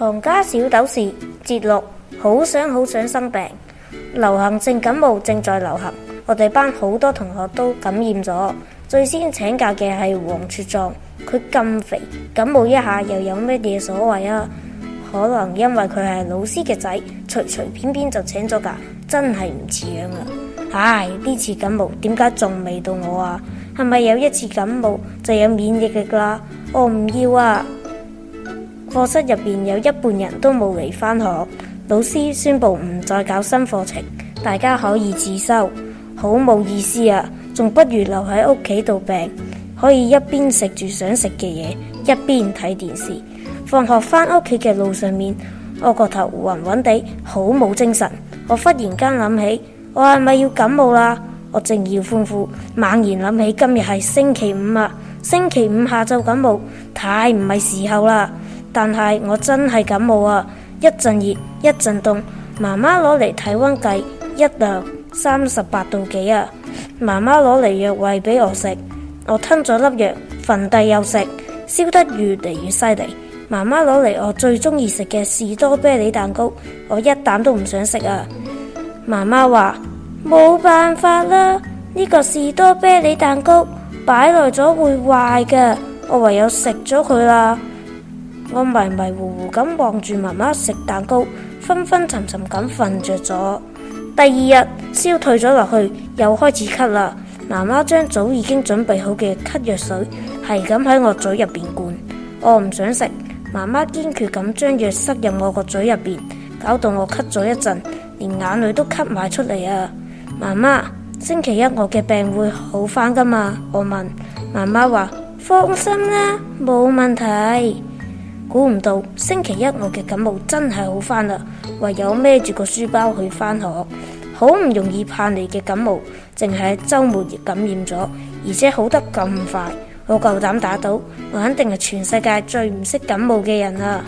唐家小豆事，節錄。好想好想生病，流行性感冒正在流行，我哋班好多同學都感染咗。最先請假嘅係黃雀狀，佢咁肥，感冒一下又有咩嘢所謂啊？可能因為佢係老師嘅仔，隨隨便便，便就請咗假，真係唔似樣啊！唉，呢次感冒點解仲未到我啊？係咪有一次感冒就有免疫力噶？我唔要啊！課室入邊有一半人都冇嚟返學，老師宣布唔再搞新課程，大家可以自修。好冇意思啊，仲不如留喺屋企度病，可以一邊食住想食嘅嘢，一邊睇電視。放學返屋企嘅路上面，我個頭暈暈地，好冇精神。我忽然間諗起，我係咪要感冒啦？我正要歡呼，猛然諗起今日係星期五啊！星期五下晝感冒，太唔係時候啦。但係我真係感冒啊！一陣熱一陣凍，媽媽攞嚟體温計，一度，三十八度幾啊！媽媽攞嚟藥喂俾我食，我吞咗粒藥，瞓低又食，燒得越嚟越犀利。媽媽攞嚟我最中意食嘅士多啤梨蛋糕，我一啖都唔想食啊！媽媽話冇辦法啦，呢個士多啤梨蛋糕擺耐咗會壞㗎，我唯有食咗佢啦。我迷迷糊糊咁望住媽媽食蛋糕，昏昏沉沉咁瞓着咗。第二日燒退咗落去，又開始咳啦。媽媽將早已經準備好嘅咳藥水係咁喺我嘴入邊灌，我唔想食。媽媽堅決咁將藥塞入我個嘴入邊，搞到我咳咗一陣，連眼淚都咳埋出嚟啊！媽媽，星期一我嘅病會好返噶嘛？我問。媽媽話，放心啦，冇問題。估唔到星期一我嘅感冒真係好返啦，唯有孭住個書包去返學。好唔容易盼嚟嘅感冒，淨係周末感染咗，而且好得咁快。我夠膽打賭，我肯定係全世界最唔識感冒嘅人啦。